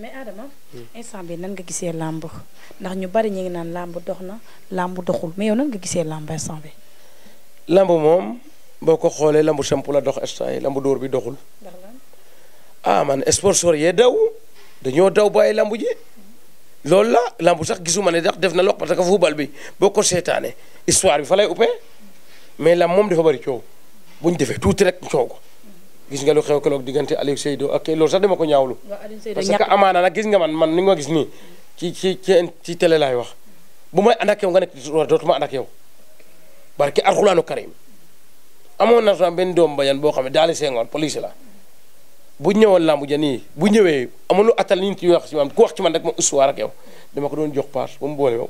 mais Adama hmm. instant bi nan nga gisee làmb ndax ñu bari ñu ngi naan làmb dox na làmb doxul mais yow nan nga gisee làmb instant bi làmb moom boo ko xoolee làmb sampu la dox instant bi doxul ah man sponsor yee daw dañoo daw bàyyi làmb ji loolu la làmb sax gisuma ne dax def na lox parce que football bi boo ko seetaane histoire bi fa lay uppee mais làmb moom dafa bari coow bu defee tuuti rek coow ko gis nga lu xew keroog diggante Aliou Seydou ak loolu sax dama ko ñaawlu. parce que amaana nag gis nga man man ni nga gis nii. ci ci ci ci télé laay wax bu may ànd ak yow nga nekk dootuma ànd ak yow barke alxuraanu karim amoon na sax benn doom bayan boo xam ne daal sengoon police la bu ñëwoon làmbu ja nii bu ñëwee amul lu attal nit yoo wax ci man ku wax ci man rek ma histoire ak yow dama ko doon jox paas ba mu boole ba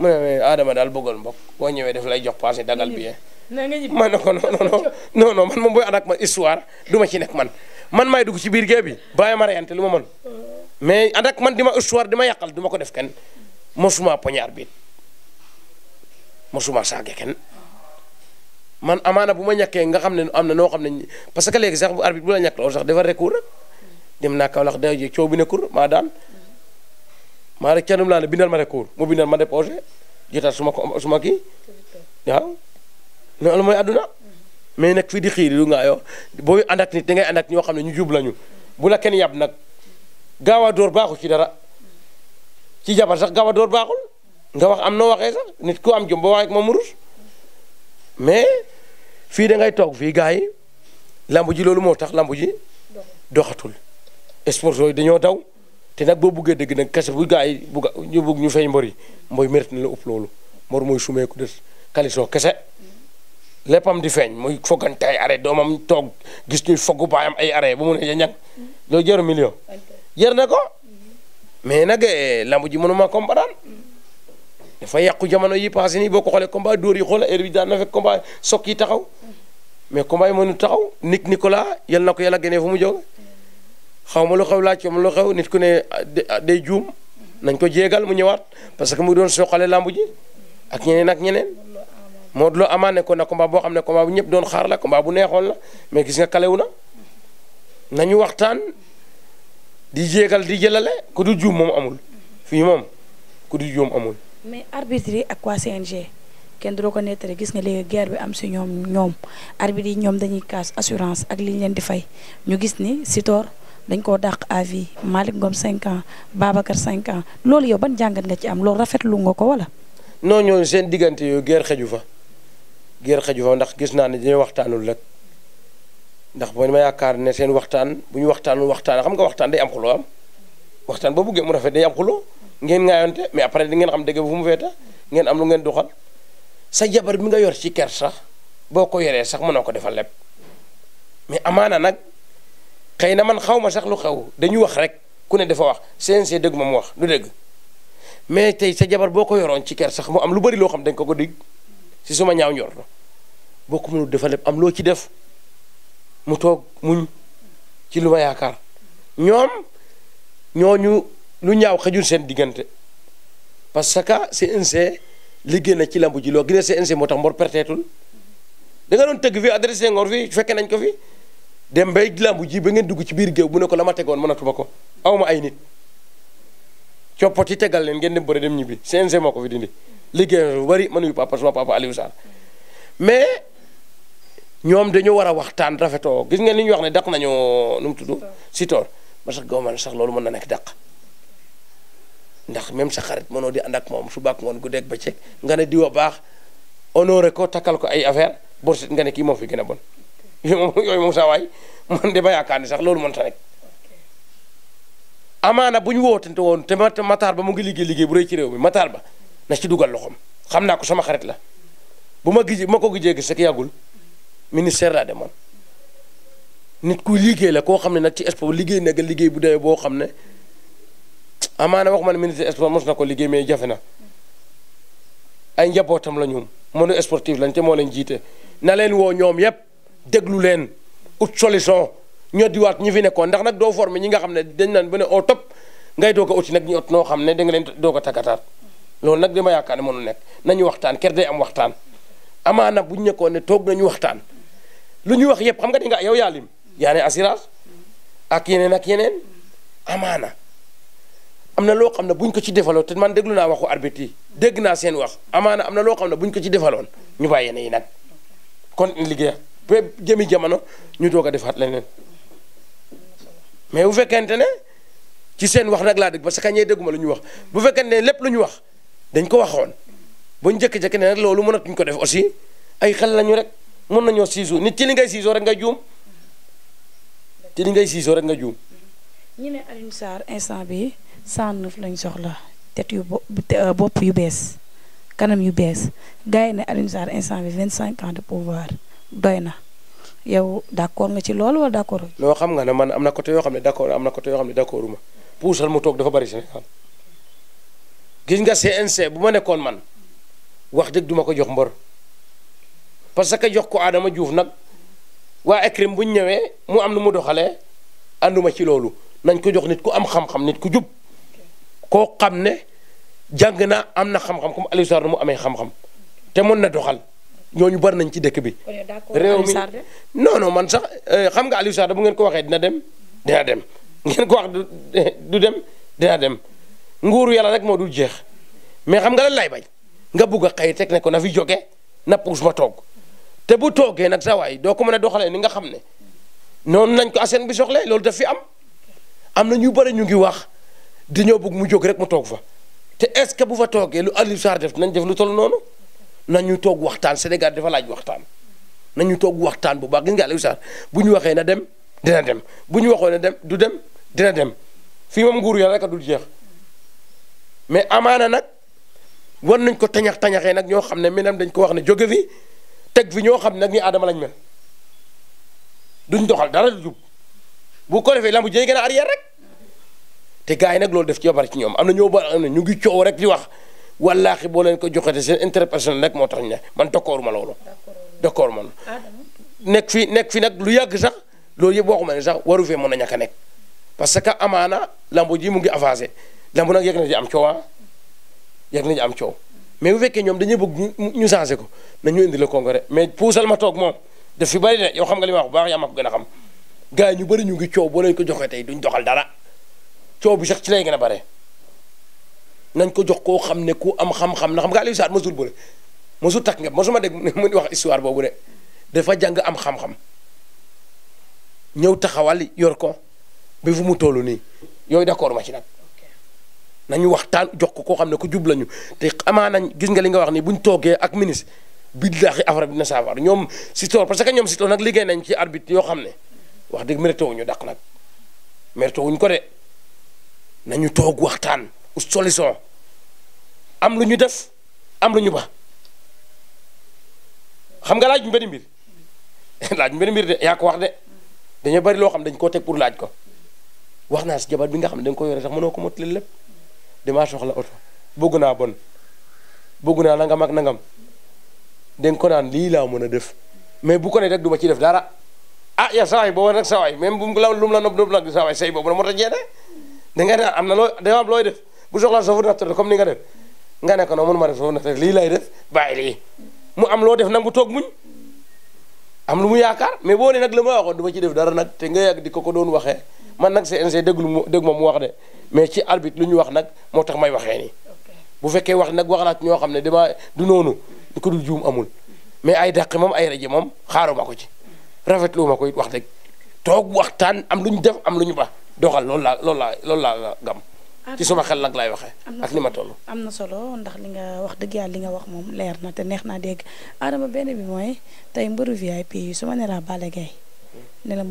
Adama daal bëggoon mbokk boo ñëwee daf lay jox paas yi dagal bi ne ko non non non non man moom booy ànd ak histoire du ma ci nekk man man may dugg ci biir géej bi bàyyi ma reyante lu ma mën mais ànd man di ma histoire di ma yàqal du ma ko def kenn mosuma poñaar biit mosuma saage kenn man amaana bu ma ñàkkee nga xam ne am na noo xam ne parce que léegi sax bu arbitre bu la ñàkk loolu sax dafa recours rek dem naa Kaolack da coow bi nekkul ma daal ma rek canum laa ne bindal ma recours mu bindal ma déposé jotaat su ma ko su ma kii waaw loolu mooy àdduna mais nag fii di xiir du nga yoo booy ànd nit da ngay ànd ñoo xam ne ñu jub lañu bu la kenn yab nag gaaw a dóor baaxul ci dara ci jabar sax gaaw a dóor baaxul nga wax am noo waxee sax nit ku am jom boo waxee moom mu mais fii da ngay toog fii gars yi lamb ji loolu moo tax lamb ji doxatul sport yooyu dañoo daw te nag boo buggee dëgg nag kese bu gars yi bugg ñu bugg ñu fay mbor yi mooy mérite na la ëpp loolu mbor mooy sumeeku des kalisoo kese léppam di feeñ muy foggante ay arrêt doomam toog gis ñuy foggu baayam ay arrêt bu mu ne ñan loo jëru million jër na ko mais nag eh, lamb ji mënuma combattre dafa yàqu jamono yi passé nii boo ko xoolee combat dóor yi xoola heure bi na fekk combat sokk yi taxaw mais combat yi mënu taxaw Nick Nicolas yal na ko yàlla génnee fu mu jóg xaw ma lu xew laaj ma lu xew nit ku ne day juum nañ ko jéegal mu ñëwaat parce que mu doon soxale lamb ji ak ñeneen ak ñeneen Modou Lo amaa nekkoon na combat boo xam ne combat bu ñëpp doon xaar la combat bu neexoon la mais gis nga kalewu na nañu waxtaan di jéegal di jëlale ku du juum moom amul fii moom ku du amul. mais arbitre ak waa CNG kenn du ko nettali gis nga léegi guerre bi am si ñoom ñoom arbitre yi ñoom dañuy kaas assurance ak li leen di fay ñu gis ni Sitor dañ koo dàq à vie Malick Ngom 5 ans Babacar 5 ans loolu yow ban jàngat nga ci am loolu rafetlu nga ko wala. non ñooñu seen diggante yooyu guerre xeju géer xaju fa ndax gis naa ne dañoo waxtaanul rek ndax man ma yaakaar ne seen waxtaan bu ñu waxtaanul waxtaan xam nga waxtaan day am xuloo am waxtaan boo buggee mu rafet day am xuloo ngeen ngaayante mais après di ngeen xam dëgg bu fu mu feete ngeen am lu ngeen doxal sa jabar mi nga yor ci ker sax boo ko yoree sax mënoo ko defal lépp mais amaana nag xëy na man xaw ma sax lu xew dañu wax rek ku ne defa wax CNC dëgg ma mu wax du dëgg mais tey sa jabar boo ko yoroon ci ker sax mu am lu bari loo xam dañ ko ko dig si suma ñaaw njort boo ko mu defal lépp am loo ci def mu toog muñ ci lu ma yaakaar ñoom ñooñu lu ñaaw xajul seen diggante parce que CNG liggéey na ci lambu ji loo gis ne CNG moo tax mbor perteetul da nga doon tëgg fii adressé ngor fii fekke nañ ko fi dem bay lambu ji ba ngeen dugg ci biir géew bu ne ko la ma tegoon mënatuma ko awma ay nit coppati tegal leen ngeen dem bëre dem ñibbi CNG moo ko fi dindi. liggéey bu bëri ma nuyu papa suma papa Aliou Sarr mais ñoom dañu war a waxtaan rafetoo gis nga ni ñuy wax ne dakk nañoo nu mu tudd si toor parce que gaw man sax loolu mën na nekk daq ndax même sa xarit mënoo di ànd ak moom suba ak ngoon ba bëccëg nga ne diwa baax honoré ko takkal ko ay affaire borsit nga ne kii moo fi gën a bon yooyu moom saa waay man de ba yaakaar ni sax loolu mën ta nekk amaana bu ñu te woon te Matar ba mu ngi liggéey liggéey bu rëy ci réew mi Matar ba na ci dugal loxoom xam naa ko sama xarit la bu ma gisee ma ko gisee gis rek yagul ministère laa demoon nit ku liggéey la koo xam ne nag ci sport liggéey na liggéey bu dee boo xam ne amaana wax ma ne ministre sport mos na ko liggéey mais jafe na ay njabootam la ñoom mënu sportif lañ te moo leen jiite na leen woo ñoom yëpp déglu leen ut solution ñoo diwaat ñu fi nekkoon ndax nag doo formé ñi nga xam ne dañ naan ba ne au top doog a uti nag ñu ot xam ne da leen doog a takkataat loolu nag dama yaakaar ne mënu nekk nañu waxtaan ker day am waxtaan amaana bu ñu nekkoon ne toog nañu waxtaan lu ñu wax yëpp xam nga di nga yow yaa lim yaa ne assurance ak yeneen ak yeneen amaana am na loo xam ne buñ ko ci defaloon man déglu naa waxu arbitre yi dégg naa seen wax amaana am na loo xam ne buñ ko ci defaloon ñu bàyyi yeneen yi nag kon liggéey ba jëmi jamono ñu doog a defaat leneen mais bu fekkente ne ci seen wax nag laa dégg parce que ñee dégguma lu ñu wax bu fekkente ne lépp lu ñu wax. dañ ko waxoon buñ jëkk-jëkk ne nag loolu mënatuñ ko def aussi ay xel la ñu rek mën nañoo siisu nit ci li ngay siisoo rek nga juum ci li ngay siisoo rek nga juum. ñu ne Alioune Sarr instant bi 109 lañ soxla tet yu euh, bopp yu bees kanam yu bees gars yi ne Alioune Sarr instant bi 25 ans de pouvoir doy na yow d' accord nga ci loolu wala d' nga ne man am na côté yoo xam ne am mu toog dafa bari Sénégal gis nga CNC bu ma nekkoon man wax dëgg duma ko jox mbor parce que jox ko Adama juuf nag waa ECRIM bu ñu ñëwee mu am na mu doxale ànduma ci loolu nañ ko jox nit ku am xam-xam nit ku jub koo xam ne jàng na am na xam-xam comme Aliou Sarr mu amee xam-xam te mën na doxal ñooñu bari nañ ci dëkk bi. réew mi non non man sax euh, xam nga Aliou Sarr bu ngeen ko waxee dina dem dina dem ngeen ko wax du dem dina dem. nguuru yàlla rek moo dul jeex mais xam nga lan lay bañ nga bugg a xëy teg ne ko na fi jóge na puus ma toog te bu toogee nag sawaay doo ko mën a doxalee ni nga xam ne noonu nañ ko aseen bi soxle loolu daf fi am am na ñu bëri ñu ngi wax di dañoo bëgg mu jóg rek mu toog fa te est-ce que bu fa toogee lu Aliou Sarr def nañ def lu toll noonu nañu toog waxtaan Sénégal dafa laaj waxtaan nañu toog waxtaan bu baax gis nga Aliou Sarr bu ñu waxee na dem dina dem bu ñu waxoon dem du dem dina dem fii moom nguur yàlla rek a jeex. mais amaana nag war nañ ko tañax tañaxee nag ñoo xam ne menam dañ ko wax ne jóge fi teg fi ñoo xam ne nag ni aadama lañ mel duñ doxal dara lu jub bu ko defee lamb ji gën a te gars yi nag loolu def ci bari ci ñoom am na ñoo ba am na ñu ngi coow rek di wax wallaahi boo leen ko joxete seen intérêt personnel rek moo tax ñu ne man d'accord ma loolu. d'accord man nekk fi nekk fi nag lu yàgg sax loolu yëpp waxuma ne sax waru fee mën a ñàkk nekk parce que amaana lamb ji mu ngi avancé. lamb nag yegg na ci am coow ah nañu am coow mais bu fekkee ñoom dañuy bëgg ñu changé ko nañu indi le congrès mais puusal ma toog moom daf fi bëri de yow xam nga li ma wax bu baax yaa ma ko gën a xam gars yi ñu bëri ñu ngi coow boo leen ko joxee tey duñ doxal dara coow bi sax ci lay gën a bare nañ ko jox koo xam ne ku am xam-xam na xam nga ma Sarr mosul bëre mosul nga mosuma dégg mu di wax histoire boobu de dafa jàng am xam-xam ñëw taxawal yor ko bi fu mu toll nii yooyu d'accord ma ci nag. nañu waxtaan jox ko koo xam ne ku jub lañu te amaa nañ gis nga li nga wax ni buñ toogee ak ministre billaahi affaire bi dina saafar ñoom Sitor parce que ñoom Sitor nag liggéey nañ ci arbitre yoo xam ne wax dëgg mérité wuñu dàq nag mérité wuñ ko de nañu toog waxtaan u am lu ñu def am lu ñu ba xam nga laaj mbiri mbir laaj mbiri mbir de yaa ko wax de dañoo bari loo xam dañ ko teg pour laaj ko wax naa si jabar bi nga xam ne da nga ko yore sax mënoo ko mottali lépp damaa soxla oto bëgg naa bon bëgg naa nangam ak nangam den ko naan lii laa mën a def mais bu ko rek du ci def dara ah ya sawaay booba nag sawaay même bu mu la lu la nopp nopp la sawaay say boobu nag moo tax jeex da nga ne am na loo da looy def bu soxlaa soofu naftar comme ni nga def nga ne ko noonu mënuma def soofu naftar lii lay def bàyyi mu am loo def nag nangu toog muñ am lu mu yaakaar mais boo ne nag la ma waxoon du ma ci def dara nag te nga yàgg di ko ko doon waxee man nag CNG déglu mu dégg ma mu wax de mais ci arbitre lu ñu wax nag moo tax may waxee nii bu fekkee wax nag wax naa ñoo xam ne dama du noonu du ko juum amul mais ay dàq moom ay rajo moom xaaruma ko ci rafetlu ma ko wax dëgg toog waxtaan am lu ñu def am lu ñu ba doxal loolu laa loolu laa loolu laa gam ah, ci suma xel nag laay waxee. ak ni ma toll. am na solo ndax li nga wax dëgg yàlla li nga wax moom leer na te neex naa dégg Adama benn bi mooy tey mbëru VIP yi su ma nee laa Balla Gaye ne la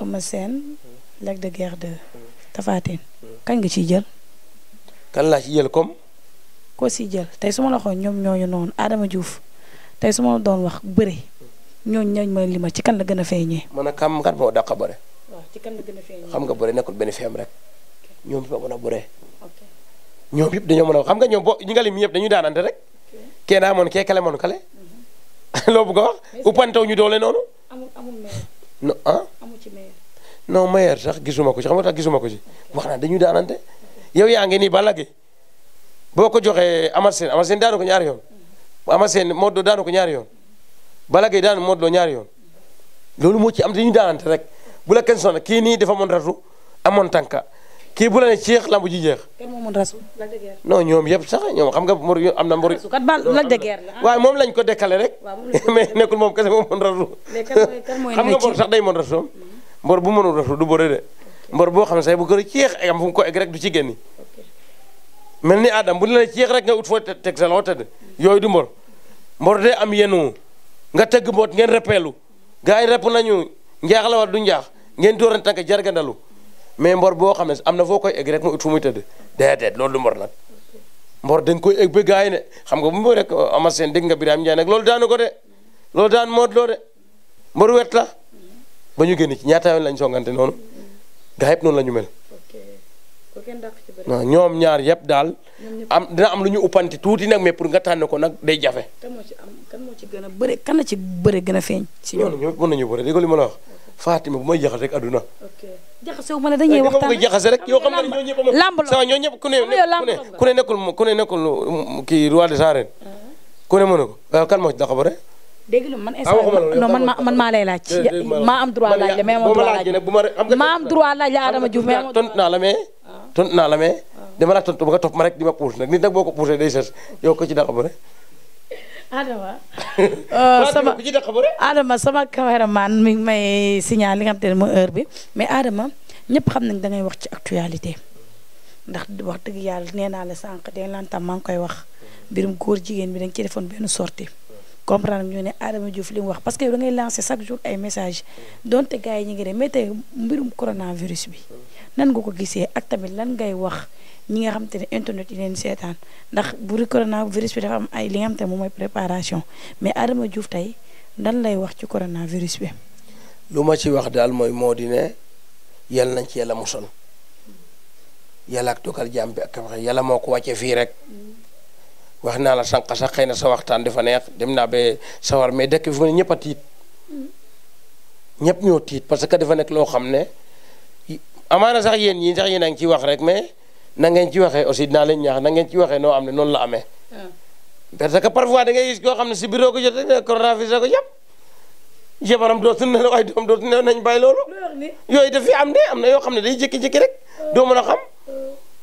Eumeu Sène Lac de Guiers 2 Tapha Tine kañ nga ciy jël kan laa ci jël comme koo si jël tey su ma la xoon ñoom ñooñu noonu Adama Diouf tey su ma la doon wax bëre ma lima ci a a kam kan moo dàq bëre waaw ci kan la gën a feeñee xam nga bëre nekkul benn feem rek ñoom yëpp a mën a bëre ñoom yëpp a xam nga ñoom bo ñi nga lim yëpp dañuy daanante rek kee moon kee kale moon kale mhm. loolu bëgg a wax uppantaw ñu doole noonu non ah. amu ci meilleur. non meilleur sax gisuma ko ci xam nga tax ko ci. wax naa dañuy daanante. yow yaa ngi nii Balla Gaye boo ko joxee Amar Sène Amar Sène ko ñaari yoon. Amar Sène Modou Lo daanu ko ñaari yoon. Balla Gaye daanu Modou Lo ñaari yoon. loolu moo ci am dañuy daanante rek bu la kenn sonal kii nii dafa amoon ratu amoon tànka. kii bu la ne ceex lamb ji jeex. kenn moo mën rasu ñoom yëpp sax ñoom xam nga mor am na mor. rasu kat ba Lac de la. Ah. waaw moom lañ ko dekkale rek. mais nekkul moom kese moo mën rasu. mais xam nga mor sax day mën rasu. mbor hmm. bu mënul rasu du bëre de. mbor boo xam ne sax bu gën a ceex am fu mu rek du ci mel ni Adam bu la ne ceex rek nga ut foo teg sa loxo tëdd. Hmm. yooyu du mbor. mbor de am yenu nga tëgg mboot ngeen repeelu gars yi repp nañu njaax la war du njaax ngeen dooran tànk jargandalu mais mbor boo xam ne am na foo koy egg rek mu ut fu muy tëdd déedéet loolu du mbor nag mbor dañ koy egg ba gars ne xam nga bu mu rek ama euh, dégg nga Birame Ndiaye nag loolu daanu ko de loolu daan moot loo de wet la ba ñu génn ci ñaata yoon lañ songante noonu gars noonu la ñu mel waaw ñoom ñaar yëpp daal am dina am lu ñu uppanti tuuti nag mais pour nga tànn ko nag day jafe. kan moo ci kan na ci gën a bëre gën a feeñ. si ñoom ñoom mën nañu bëre dégg li ma la wax. Fatima bu may jaxase rek aduna. ok jaxase wu ma la dañuy eh, waxtaan rek jaxase rek yoo xam ne ñoo ñëpp. lamb la ñoo ñëpp ku ne ku ne nekkul ku ne nekkul kii roi ah. moo ci dàq bare. dégg nga man ah, ma eh, droit laaj la maa am droit laaj la ah, Adama Diouf mais ma tontu naa la mais. tontu naa la mais. dama la tontu ba topp ma rek di ma puus nag nit nag boo ko puusee day sës yow ko ci dàq bare. Euh, Adama. sama Adama sama cameraman mi ngi may signal li nga xam te heure bi mais Adama ñëpp xam nañ da ngay wax ci actualité ndax wax dëgg yàlla nee naa la sànq de lantam maa ngi koy wax mbirum góor jigéen bi dañ ci defoon benn sortie comprendre ñu ne Adama Diouf li mu wax parce que yow da ngay lancer chaque jour ay message donte gars yi ñu ngi ne mais tey mbirum coronavirus bi nan nga ko gisee ak tamit lan ngay wax ñi nga xam te ne internet yi leen seetaan ndax bu coronavirus bi dafa am ay li nga te ne moom préparation mais Adama Diouf tey lan lay wax ci coronavirus bi. lu ma ci wax daal mooy moo di ne yal nañ ci yàlla musal yàlla ak dogal jàmm bi ak wax yàlla moo ko wàcce fii rek wax naa la sànq sax xëy na sa waxtaan dafa dem naa ba sawar mais dëkk bi fu mu ñëpp a tiit ñëpp ñoo tiit parce que dafa nekk loo xam ne amaana sax yéen ñii sax yéen a ngi ciy wax rek mais na ngeen ci waxee aussi dinaa leen ñaax na ngeen ci waxee noo am ne noonu la amee. Ah. parce que parfois da ngay gis koo xam ne si bureau ko jotee coronavirus la ko jàpp. jabaram dootu ne waaye doom dootu ne nañ bàyyi loolu. yooyu daf fi am de am na yoo xam ne day jékki-jékki rek. Ah. doo mën a xam.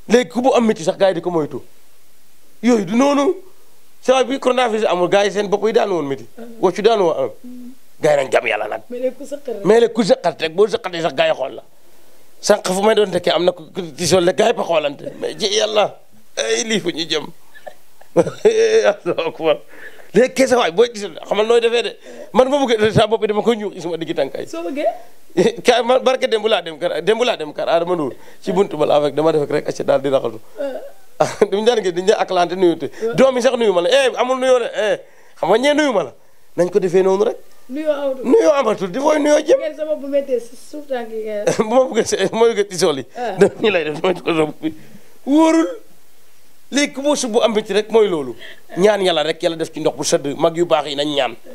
léegi ku bu am métti sax gars di ko moytu. yooyu du noonu saa bi coronavirus amul gars yi seen bopp yi daan woon métti. Ah. wóccu daan woon am. Hmm. gars yi nañ jàpp yàlla mais ku sëqat rek mais léegi ku sëqat rek boo sëqatee sax gars yi la. sànq fu may doon tekkee am na ko tisool le gars yi ba xoolante mais ji yàlla ay lii fu ñu jëm allahu akbar léegi kees waay booy tisool xamal nooy defee de man ma bëggee saa bopp dama ko ñuux suma diggi tànkaay soo bëggee ka man barke démb laa dem kar démb laa dem kar Adama Ndour ci buntu bala avec dama def rek acca daal di raxalu duñu daan gis dañu daan akalante nuyute doom yi sax nuyu ma la eh amul nuyoo de eh xam nga ñee nuyu ma la nañ ko defee noonu rek nuyoo amatul nuyoo amatul di fooy nuyoo jëm. ngeen sama bu méttee si suuf tànk yi ngeen. Ah. lay def damay toog wóorul léegi ku bëgg bu am ci rek mooy loolu. ñaan yàlla rek yàlla def ci ndox bu sedd mag yu baax yi nañ ñaan. Ah.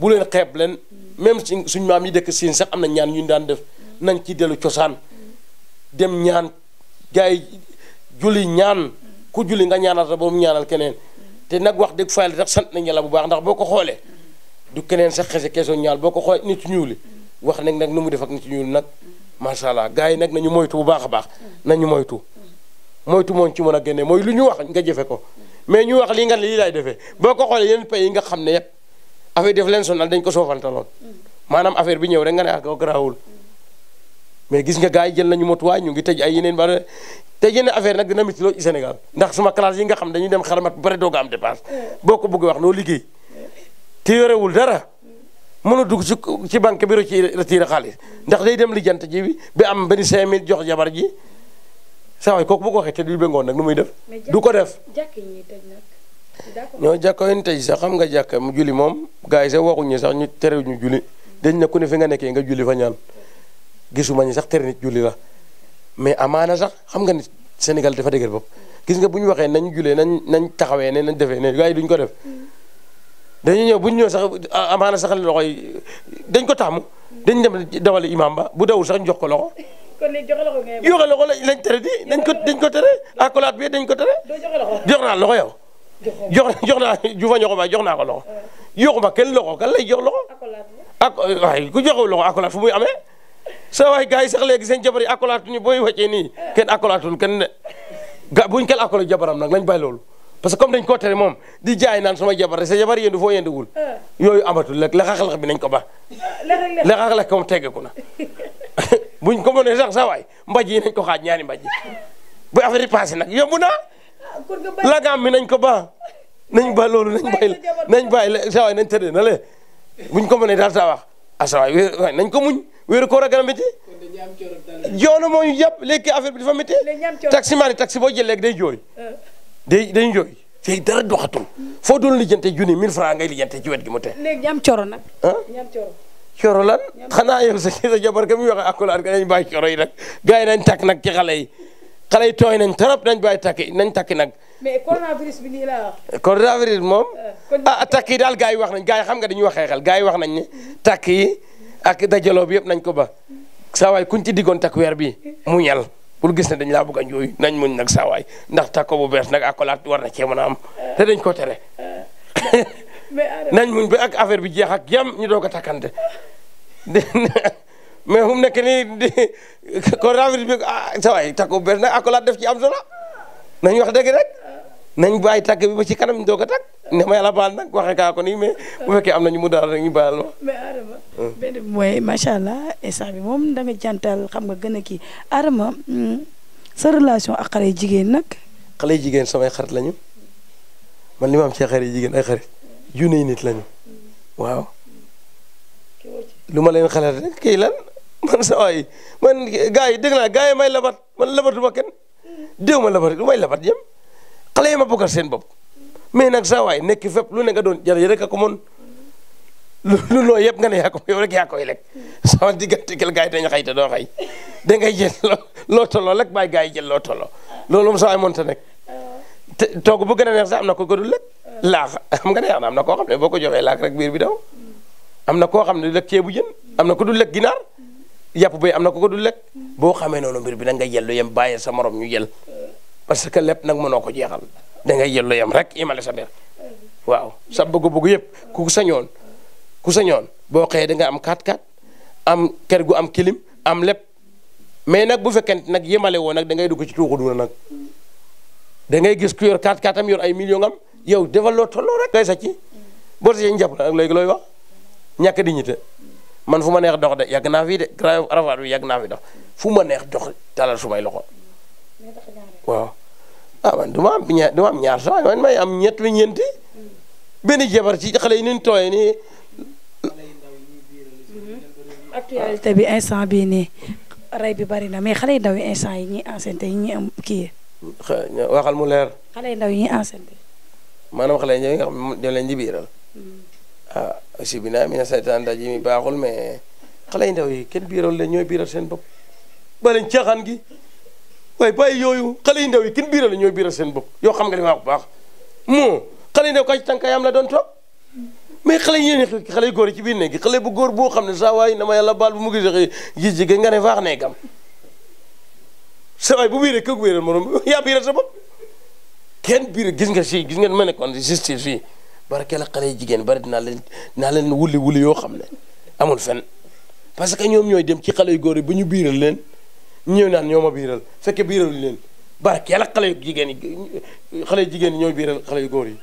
bu leen xeeb leen hmm. même si suñ maam yi dëkk siin sax am na ñaan yu ñu daan def hmm. nañ ci dellu cosaan hmm. dem ñaan gars yi julli ñaan ku julli nga ñaanal sa boobu ñaanal keneen te nag wax dëgg fayal rek sant nañ yàlla bu baax ndax boo ko xoolee. du keneen sax xese keeso ñaal boo ko xoolee nit ñuuli wax nañ nag nu mu def ak nit ñuul nag macha allah gars yi nag nañu moytu bu baax a baax nañu moytu moytu mooñ ci mën a génne mooy lu ñu wax nga jëfe ko mais ñu wax lii nga lii lay defee boo ko xoolee yeneen pays yi nga xam ne yëpp affaire def leen sonal dañ ko soofantaloon maanaam affaire bi ñëw rek nga ne ak ah ko garaawul mais gis nga gars yi jël nañu motuwaay ñu ngi tëj ay yeneen bare te yenn affaire nag dina métti loolu Sénégal ndax suma classe yi nga xam dañuy dem xaramat bu bare doog a am dépense mm. boo ko bëgg wax noo liggéey te yorewul dara mën a dugg ci ci banque bi retiré xaalis ndax day dem lijjant ji bi am benn 5000 jox jabar ji saa waay bu ko waxee te du bëggoon nag nu muy def. du ko def ñoo jàkka tey sax xam nga jàkka mu julli moom gars yi sax waxuñu sax ñu terew ñu julli dañ ne ku fi nga nekkee nga julli fa ñaan gisuma ñi sax tere nit la mais amaana sax xam nga ni Sénégal dafa dëgër gis nga bu ñu waxee nañ jule nañ nañ taxawee ne nañ defee ne gars yi duñ ko def. dañu ñëw bu ñu ñëw sax amaana sax loxo yi dañ ko taamu dañ dem dawale imaam ba bu dawul sax ñu jox ko loxo. kon ni joxe loxo ngay joxe loxo lañ tere di dañ ko dañ ko tere akolaat bi dañ ko tere. jox naa loxo yow. jox jox naa juufa ñoo ko ma jox naa ko loxo. Ah. ma kenn loxo kan lay jox loxo. ak waay ku joxewul loxo akolaat fu muy amee. sa waay gars yi sax léegi seen jabar yi akolaatuñu booy wàccee nii ah. kenn akolaatuñu kenn de ga buñ kenn akolaat jabaram nag lañ bàyyi parce que comme dañ ko tere moom di jaay naan sama jabar sa jabar yendu foo wul ah. yooyu amatul léegi laxax-lax bi nañ ko ba ah, laxax-lax ko moom teggeeku na buñ ko mënee sa waay mbaj yi nañ ko ñaari mbaj bu affaire yi passé nag yomb naa ah, lagaam bi nañ ko baax nañ ba loolu nañ bàyyi la nañ bàyyi nañ tëddee na le buñ ko mënee daal sa wax a sa waay nañ ko muñ wéeru koor a gën a métti joono moo ñu jàpp léegi affaire bi dafa métti taxi maa ni taxi boo jël day jooy de dañu jooy fii dara doxatul foo doon lijjante junni 1000 francs ngay lijjante ci wet gi mu tee. léegi ñam coro nag. ñam coro. coro lan xanaa yow sa muy waxee akulaat ka nañ bàyyi coro yi nag gars yi nañ takk nag ci xale yi xale yi tooy nañ trop nañ bàyyi takki nañ takki nag. mais moom. Euh, ah takk daal gars yi wax nañ gars yi xam nga dañuy waxee xel gars yi wax nañ ne takk yi ak dajaloo yëpp nañ ko ba sa waay kuñ ci diggoon takk weer bi mu ñal pour gis ne dañ laa bëgg a njooy nañ muñ nag saawaay ndax takko bu bees nag laat war na cee mën a am te dañ ko tere nañ muñ bi ak affaire bi jeex ak yam ñu doog a takkante mais fu mu nekk nii di coronavirus bi ah saawaay takko bu bees nag akolaat def ci am solo nañ wax dëgg rek nañ bàyyi tàgg bi ba ci kanam ñu doog a tàgg ne ma yàlla baal nag waxe kaa ko nii bu fekkee am na ñu mu daal rek ñu baal ma. mais Adama. Ah. benn mooy macha allah instant bi moom da nga xam nga gën kii Adama hmm, sa relation ak xale jigéen nag. xale jigéen samay xarit lañu man li ma am ci xarit jigéen ay xarit junni nit lañu waaw. lu ma leen xalaat rek kii lan man sa man gars yi dégg naa gars yi may labat man labatuma kenn déw ma labat lu may labat yem. xale yi ma bokkal seen bopp mais nag saa waay nekk fépp lu ne nga doon jar yi rek a ko mën lu lu loo yëpp nga ne yaa ko yow rek yaa koy lekk sama diggante kel gars yi dañu xëy te doo xëy da ngay jël loo tolloo rek bàyyi gars yi jël loo tolloo loolu moom saa waay mënta nekk te toog bu gën a neex sax am na ko ko dul lekk laax xam nga ne am na koo xam ne boo ko joxee laax rek biir bi daw am na koo xam ne du lekk ceebu jën am na ko dul lekk yàpp bay am na ko ko dul lekk boo xamee noonu mbir bi da nga jël lu yem bàyyi sa morom ñu jël parce que lépp nag mënoo ko jeexal da ngay jël lu yem rek imale sa biir waaw sa bëgg-bëgg yëpp ku sañoon ku sañoon boo xëyee da nga am 4-4 am kër gu am kilim am lépp mais nag bu fekkente nag yemale woon nag da ngay dugg ci tuuxu duna nag da ngay gis ku yor 4-4 yor ay million am yow defal loo rek ngay sa ci boo sa ci njàpp nag léegi looy wax ñàkk dignité man fu ma neex dox de yàgg naa fi de rafaat bi yàgg naa fi dox fu ma neex dox talal sumay loxo waaw ah man du ma am ñaar du ma am ñaar sax man may am ñett bi ñeenti benn jabar ci xale yi ñu tooyee nii. actualité bi instant bii nii rey bi bari na mais xale yu ndaw yi instant yi ñuy enceinte yi ñuy am kii waxal mu leer. xale yu ndaw yi ñuy enceinte. maanaam xale yi nga xam ne di biiral. Hmm. ah bi naa mi na saytaan daj yi mi baaxul mais xale yu ndaw yi kenn biiral leen ñooy biiral seen bopp. ba gi. waaye bàyyi yooyu xale yu ndaw yi kenn biiral la ñooy biiral seen bopp yoo xam nga li wax bu baax moo xale yu ndaw kay ci tànkaayam la doon toog mais xale yi yéen xale yu góor yi ci biir nekk xale bu góor boo xam ne saa waay na ma yàlla baal bu mu gisee gis jigéen nga ne faax ne gam sa waay bu biiree kooku biiral morom yaa biiral sa bopp kenn biir gis nga si gis ngeen ma nekkoon justice fii barke la yi yu jigéen bari dinaa leen dinaa leen wuli wuli yoo xam ne amul fen parce que ñoom ñooy dem ci xale yu góor yi bu ñu biiral leen ñëw naan ñoo ma biiral fekk biiraluñu leen barke yàlla xale yu jigéen yi xale yu jigéen ñoo ñooy biiral xale yu góor yi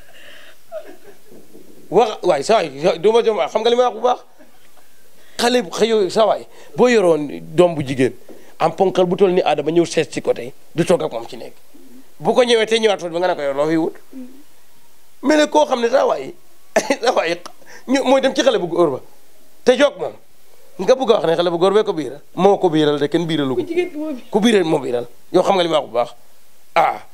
wax waay saa waay du ma jëm xam nga li may wax bu baax xale xëy saa waay boo yoroon doom bu jigéen am ponkal bu toll ni aadama ñëw seet ci côté du toog ak moom ci nekk bu ko ñëwee te ñëwaatoon ba nga ne ko yor loo fiy wut mais koo xam ne saa waay saa waay mooy dem ci xale bu góor ba te joog moom nga bugg a wax ne xale bu góor bee ko biiral moo ko biiral de kenn biiralu ko ku biiral moo biiral yow xam nga li ma wax bu baax ah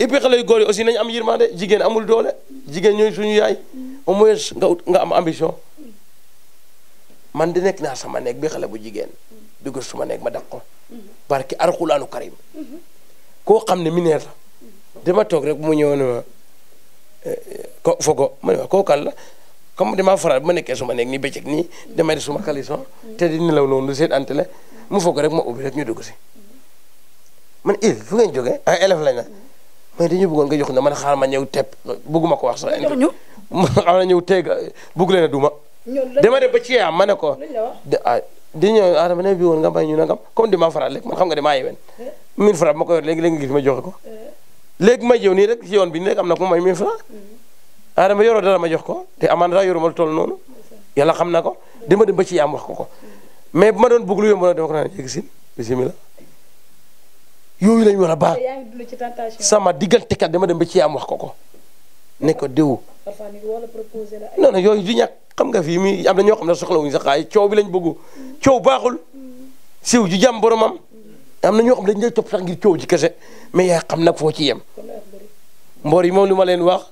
et puis xale yu góor yi aussi nañu am yërmande jigéen amul doole jigéen ñooy suñu yaay mm. au moins nga ut nga am ambition man di nekk naa sama nekk bi xale bu jigéen mm. dugg suma nekk ma dàq ko mm-hmm. barki arxulaanu karim mm-hmm. koo xam ne mineer la mm. dama toog rek mu ñëw ne ma eh, eh, ko fogo ma ne ma koo kan la comme damaa faral bu ma nekkee su ma nekk nii bëccëg nii damay def suma caleçon te di nelaw law lu seet ante la mu foog rek ma ubbi rek ñu dugg si ma il eh, fu ngeen jógee na ah, mais dañu bëggoon jox na man xaaral ma ñëw tepp bëgguma ko wax sax am na ñëw teeg bëgg leen a duma dama def ba ma ne ko ah di ñëw adama ah, bi woon nga may ñu nangam comme damaa faral xam nga damaa eh? ma ko yor léegi léegi gis ma joxe ko eh? léegi ma jëw nii rek ci yoon bi nii rek am na ko may mille francs mm-hmm. Adama yoroo dara ma jox ko te amaana daa yoruma lu toll noonu yàlla xam na ko dama dem ba ci yaam wax ko ko mais bu ma doon bëgg lu yomb a dama ko naan yooyu lañ war a baax sama diggante kat dama dem ba ci yaam wax ko ko ne ko diw non non yooyu ji ñàkk xam nga fii mi am na ñoo xam ne soxlawuñu sax xaay coow bi lañ bëgg coow baaxul siw ju jàmm mam am na ñoo xam dañ lay topp sax ngir coow ji kese mais yaa xam nag foo ci yem mboor yi moom lu ma leen wax.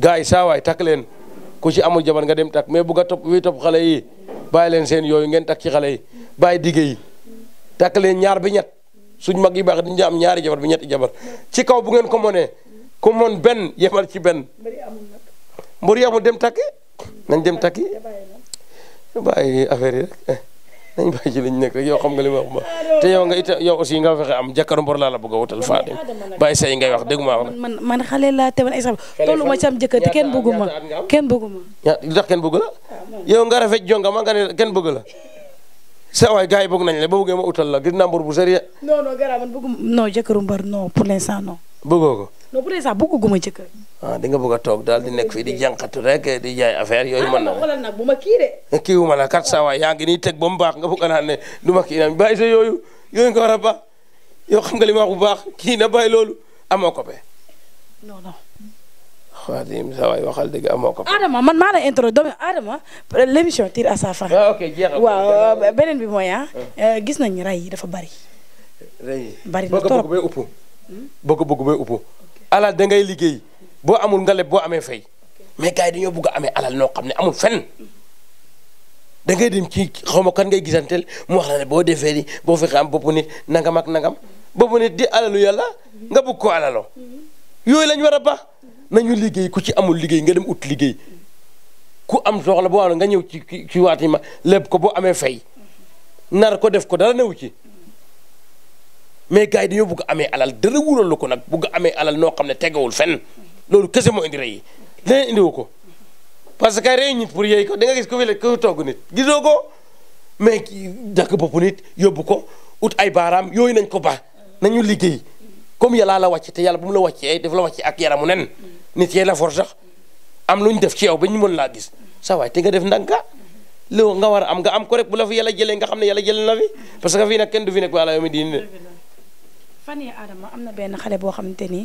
gars yi saawaay takk leen ku ci amul jabar nga dem takk mais bugg a topp wii topp xale yi bàyyi leen seen yooyu ngeen takk ci xale yi bàyyi digge takk leen ñaar bi ñett suñ mag yi baax dañu am ñaari jabar bi ñetti jabar ci kaw bu ngeen ko mënee ku mën benn yemal ci benn mbër yi dem takki nañ dem takki bàyyi affaire rek eh. nañ bàyyi ci nekk rek yow xam nga li ma wax ma te yow nga fexe am jàkkaaru mbor laa la bëgg a wutal Fadim bàyyi say ngay wax dégg man man xale laa te man exemple tollu ma ci am jëkkër te kenn bëggu ma kenn bëggu ma. lu tax kenn bëgg la yow nga rafet jonga ma nga ne kenn bëgg la sa waay yi bëgg nañ la ba bëggee ma utal la gis naa mbor bu sérieux. non non garaaw man bëggu non jëkkëru mbor non pour l'instant bëggoo ko. non bu dee sax bëgguma jëkkër. Ah, nga bëgg a toog daal di nekk fii di jànqatu rek di jaay affaire yooyu. Ah, man na xoolal nag bu ma kii de. kii wu la kat saa yaa ngi nii teg ba mu baax nga bëgg naan ne du ma kii naan bàyyi sa yooyu yooyu nga war a baax yow xam nga li ma bu baax kii na bàyyi loolu amoo ko be. non non. Xaadim saa waay dëgg amoo ko. Adama man maa la intro doomu Adama l'émission tire à sa fin. ah ok jeexal waaw beneen bi mooy ah. ah. Euh, gis nañ rey yi dafa bari. rey bari na trop boo ko bëgg mooy uppo alal da ngay liggéey boo amul nga leb boo amee fay mais gars yi dañoo bëgg amee alal noo xam ne amul fenn da ngay dem ci xaw ma kan ngay gisanteel mu wax la ne boo defee ni boo fexe am boppu nit nangam ak nangam boppu nit di alalu yàlla nga bëgg ko alaloo yooyu lañ war a baax nañu liggéey ku ci amul liggéey nga dem ut liggéey ku am soxla boo xam nga ñëw ci ci waati ma leb ko boo amee fay nar ko def ko dala newu ci mais gars yi dañoo bëgg amee alal dara wuural la ko nag bugg amee alal noo xam ne tegawul fenn loolu kese moo indi rey yi leneen ko parce que rey nit pour yooyu ko da nga gis ku fi ku togg nit gisoo ko mais dakk bopp nit yóbbu ko ut ay baaraam yooyu nañ ko ba nañu liggéey comme yàllaa la wàcc yàlla bu la wàccee daf la wàcce ak yaramu nen nit yee la for sax am lu ñu def ci yow ba ñu mën laa gis sa waay te nga def ndànka loo nga war a am nga am ko rek bu la fi yàlla jëlee nga xam ne yàlla jëlee na fi parce que fii nag kenn du fi nekk ba àla yoomi diin fan yii Adama am na benn xale boo xamante ni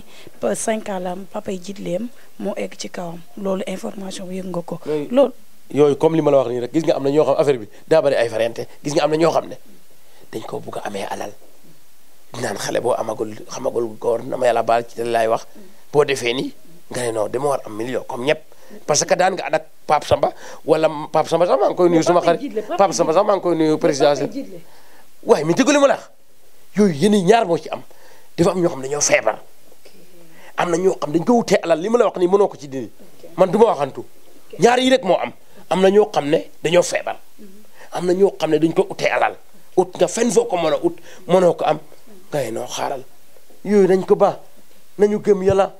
cinq ans la papay jiitleem moo egg ci kawam loolu information bi yëg nga ko. loolu yooyu comme li ma la wax nii rek gis nga am na ñoo xam bi daa bari ay farante gis am na ñoo xam ne dañ ko bugg a amee alal naan xale boo amagul xamagul góor na ma yàlla baal ci li laay wax boo defee nii nga ne non dama war am million comme ñëpp. parce que daan nga ànd ak Pape Samba wala Pape Samba sax maa ngi koy nuyu. suma xarit Pape Samba sax maa ngi koy nuyu président waaye mi déglu ma la yooyu yéene ñaar moo ci am dafa am ñoo xam ne dañoo feebar am na ñoo xam dañ ko wutee alal li ma la wax nii mënoo ko ci dindi man du ma waxantu ñaar yi rek moo am am na ñoo xam ne dañoo feebar am na ñoo xam ne dañ ko utee alal ut nga fenn foo ko mën a ut mënoo ko am ngay noo xaaral yooyu nañ ko ba nañu gëm yala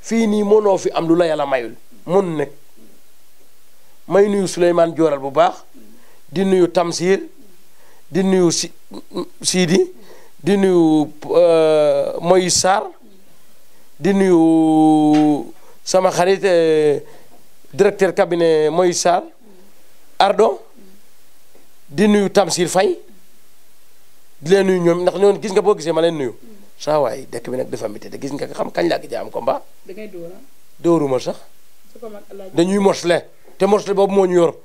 fii nii mënoo fi am lu la yàlla mayul mun nekk may nuyu Souleymane Dioral bu baax di nuyu Tamsir di nuyu si Sidi di nuyu euh, Moïse Sarr di nuyu sama xarit euh, directeur cabinet Moïse Sarr Ardo di nuyu Tamsir Faye di leen nuyu ñoom ndax ñoon gis nga boo gisee ma leen nuyu saa waay dëkk bi nag dafa mité te gis nga xam kañ laa gis am combat. da ngay dóor ah? sax dañuy mosle te mosle boobu moo ñu yor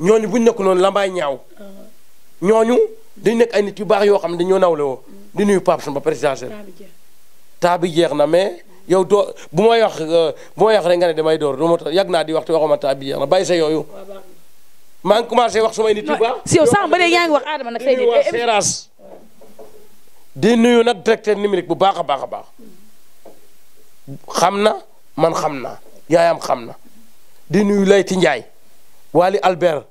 ñooñu buñ nekk noonu lambaay ñaaw ah. ñooñu. dañ nekk ay nit yu baax yoo xam ne dañoo nawle woo di nuyu Pape Samba président taa bi jeex na mais yow doo bu may wax euh, bu may wax rek nga ne damay door doo yàgg naa di waxtu waxuma taa bi jeex na sa yooyu maa ngi commencé wax sumay nit yu baax. si yow yaa ngi wax Adama nag. tey di nuyu di nuyu nag directeur numérique bu baax a baax a baax xam na man xam na yaayam xam na di nuyu lay ti njaay Wali Albert.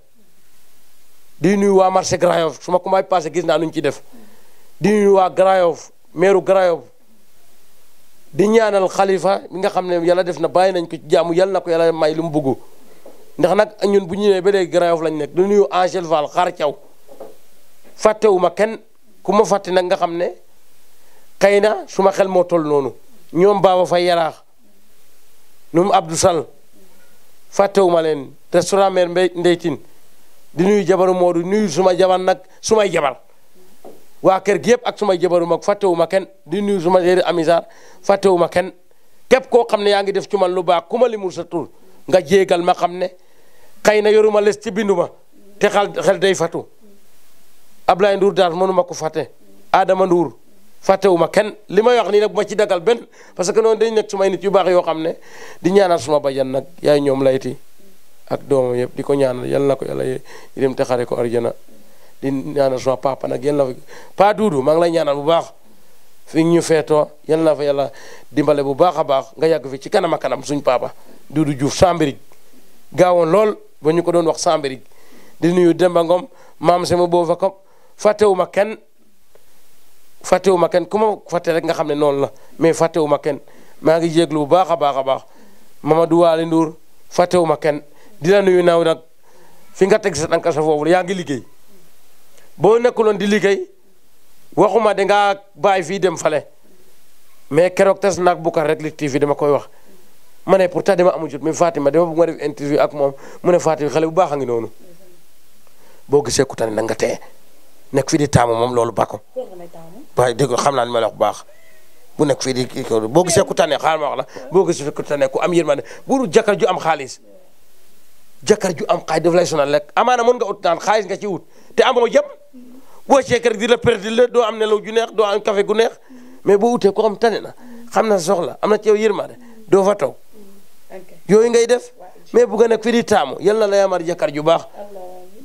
di nuyu waa marché Grand Yoff su ma ko gis naa nu ñu ciy def di nuyu waa Grand Yoff meeru Grand di ñaanal xalifa mi nga xam ne yàlla def na bàyyi nañ ko ci jàmm yàlla na ko yala may lu mu bëggu ndax nag ñun bu ñu ñëwee ba léegi Grand lañ nekk di nuyu Angèle Fall xaar caw fàttewuma kenn ku ma fàtte nag nga xam ne xëy na su xel moo toll noonu ñoom baaba fay yaraax ñoom Abdou Sall fàttewuma leen restaurant mère ndeytin di nuyu jabaru Modou nuyu suma jabar nag sumay jabar waa kër gi yëpp ak sumay jabaru mag fàttewuma kenn di nuyu suma jéeri amisar ma kenn képp koo xam ne yaa ngi def ci man lu baax ku ma limul sa tur nga jéegal ma xam ne xëy na yoruma les ci binduma te xal xel day fatu Ablaye Ndour daal mënuma ko fàtte Adama Ndour wu kenn li may wax nii nag bu ci dagal benn parce que noonu dañ nekk sumay nit yu baax yoo xam ne di ñaanal suma bajan nag yaay ñoom layti ak doomam yëpp di ko ñaanal yal na ko yàlla yërëm te xare ko arjana di ñaanal sama papa nag yal na fa pa duudu mag lay ñaanal bu baax fi ñu feetoo yal na fa yàlla dimbale bu baax a baax nga yàgg fi ci kanam a kanam suñ papa duudu Diouf Sambirij gaawoon lool ba ñu ko doon wax Sambirij di nuyu Demba Ngom maam sama boo ko kom fàttewuma kenn fàttewuma kenn ku ma fàtte rek nga xam ne noonu la mais fàttewuma kenn maa ngi jéeglu bu baax a baax a baax ma Waly Ndour fàttewuma kenn di la nuyu naaw nag fi nga teg sa tànk sa foofu la yaa ngi liggéey boo nekkuloon di liggéey waxuma da nga bàyyi fii dem fale mais keroog tas naag Boucar rek li TV dama koy wax ma ne pourtant dama amu jot mais ma dama bëgg nga def interview ak moom mu ne xale bu baax a ngi noonu boo gisee ku tane na nga tee nekk fii di taamu moom loolu ba ko waaye xam naa li ma la bu baax bu nekk fii di kii boo gisee ku tane xaaral ma wax la boo gisee ku tane ku am yërmande bu dul jàkkaar ju am xaalis. jëkkër ju am xaalis daf lay sonal rek amaana mën nga ut naan xaalis nga ci ut te amoo jëm boo ceker kër di la doo am nelaw ju neex doo am café gu neex mais boo ko xam tane na xam na soxla am na ci yow yërmande doo fa taw yooyu ngay def mais bu nga nekk fi di taamu yal na la yamar jëkkër ju baax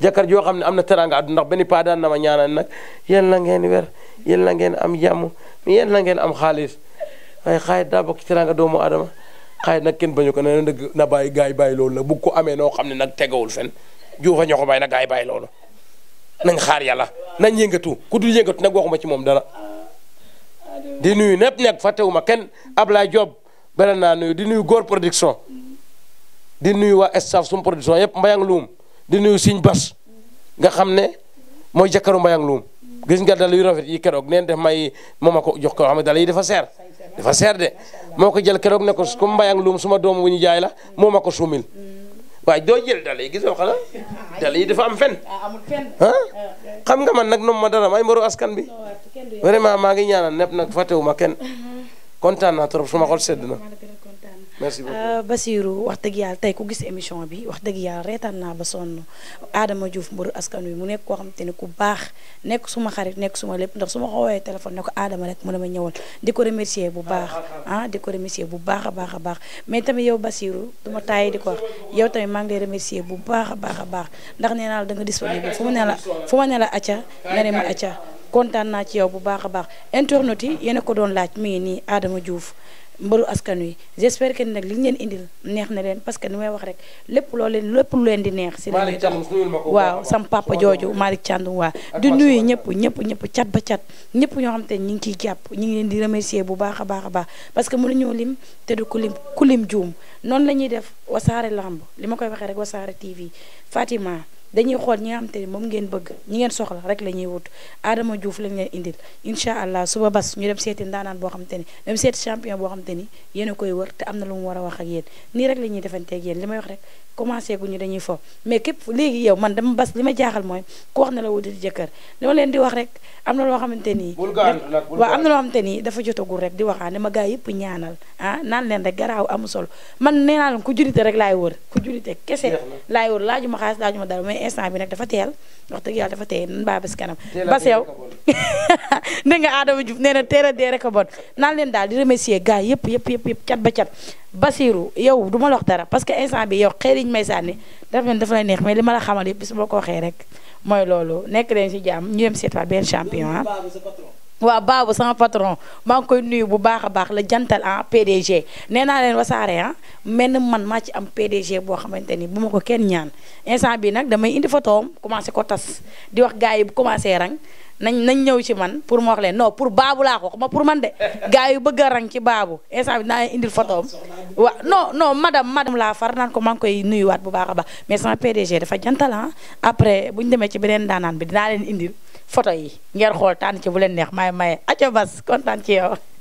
jëkkër joo xam ne am na teranga addu ndax benn paa na ma ñaanal nag yal na ngeen wer yal na ngeen am jàmm yal na ngeen am xaalis waaye xaalis daa bokk ci teranga doomu aadama xaay nag kenn bañu ko ne na bàyyi gars yi bàyyi loolu nag bu ko amee noo ne nag tegawul fen juufa ñoo ko bàyyi nag gars yi bàyyi xaar yàlla nañ yëngatu ku dul yëngatu nag waxuma ci moom dara di nuyu ñëpp nag fàttewuma kenn Ablaye job beneen naa nuyu di nuyu góor production di nuyu waa staff sum yëpp mbayang di nuyu siñ bas nga xam ne mooy jëkkëru mbayang luum gis nga dal yu rafet yi keroog neen def may moom a ko jox ko xam ne dal yi dafa seer dafa seer de moo ko jël keroog ne ko comme mbayang luum suma doom bu ñu jaay la moo ma ko suumil waaye doo jël dal yi gis nga xanaa yi dafa am fen ah xam nga man nag nom ma dara may mbaru askan bi vraiment maa ngi ñaanal nepp nag ma kenn mhm. kontaan naa trop suma kol sedd na merci beaucoup euh, Basirou wax dëgg yàlla tey ku gis émission bi wax dëgg yàlla reetaan naa ba sonn Adama Diouf mburu askan wi mu nekk koo xamante ne ku baax nekk suma xarit nekk suma lépp ndax su ma ko woowee téléphone ko Adama rek mu ne ma ñëwal di ko remercier bu baax ah, ah, ah. ah di ko remercier bu baax a baax a baax mais tamit yow Basirou ma tàyyi di ko yow tamit maa ngi lay remercier a baax a baax ndax nee naa da nga disponible fu ma ne la fu ma ne la acca nga ne ma acca kontaan naa ci yow bu baax a baax internautes yi yéena ko doon laaj mi ngi nii aadama Diouf mbëru askan wi j'espère que nag li ñu leen indil neex na leen parce que ni may wax rek lépp loo leen lépp lu leen di neex si la waaw sam papa jooju Malick Thiandoum waa di nuyu ñëpp ñëpp ñëpp cat ba cat ñëpp ñoo xam te ñi ngi ciy jàpp ñi ngi leen di remercier bu baax a baax a baax parce que mënuñoo lim te du ku lim ku lim juum noonu la ñuy def wasaare lamb li ma koy waxee rek wasaare TV Fatima dañuy xool ñi nga xamante ni moom ngeen bëgg ñi ngeen soxla rek la ñuy wut Adama Diouf lañ leen indil incha allah suba bas ñu dem seeti ndaanaan boo xamante ni dem seeti champion boo xamante ni yéen a koy wër te am na lu mu war a wax ak yéen nii rek la ñuy defanteeg yéen li may wax rek commencé gu ñu dañuy fo mais képp léegi yow man dama bas li ma jaaxal mooy ku wax ne la wuti jëkkër li leen di wax rek am na loo xamante nii waaw dafa jotagul rek di waxaa ne ma gaa yëpp ñaanal ah naan leen rek garaaw ma xaalis laaju ma bi nag dafa teel wax dëgg yàlla dafa teel nan baa bés kanam bas yow ne Adama Diouf nee na teel a dee rek bon naan leen daal di remercier gaa yëpp yëpp cat ba cat Basiru yow du ma la wax dara parce que instant bi yow xeeri may sànni dafa mel dafa neex mais li ma la xamal yëpp bis boo ko waxee rek mooy loolu nekk leen ci jàmm ñu dem seet waa benn champion ah. baabu sama patron maa ngi koy nuyu bu baax a baax la jantal ah PDG nee naa leen wasaare ah mel man maa ci am PDG boo xamante ni bu ma ko kenn ñaan instant bi nag damay indi photo am commencé ko tas di wax gars yi bu commencé rang nañ nañ ñëw ci man pour ma wax leen non pour baabu laa ko ma pour man de gars yu bëgg a rang ci baabu instant bi naa indil photoom waaw non non madame madame laa far naan ko maa ngi koy nuyuwaat bu baax a baax mais sama PDG dafa jantal ah après bu ñu demee ci beneen daanaan bi dinaa leen indil photo yi ngeer xool tànn ci bu leen neex maay maye aco bas kontaan ci yow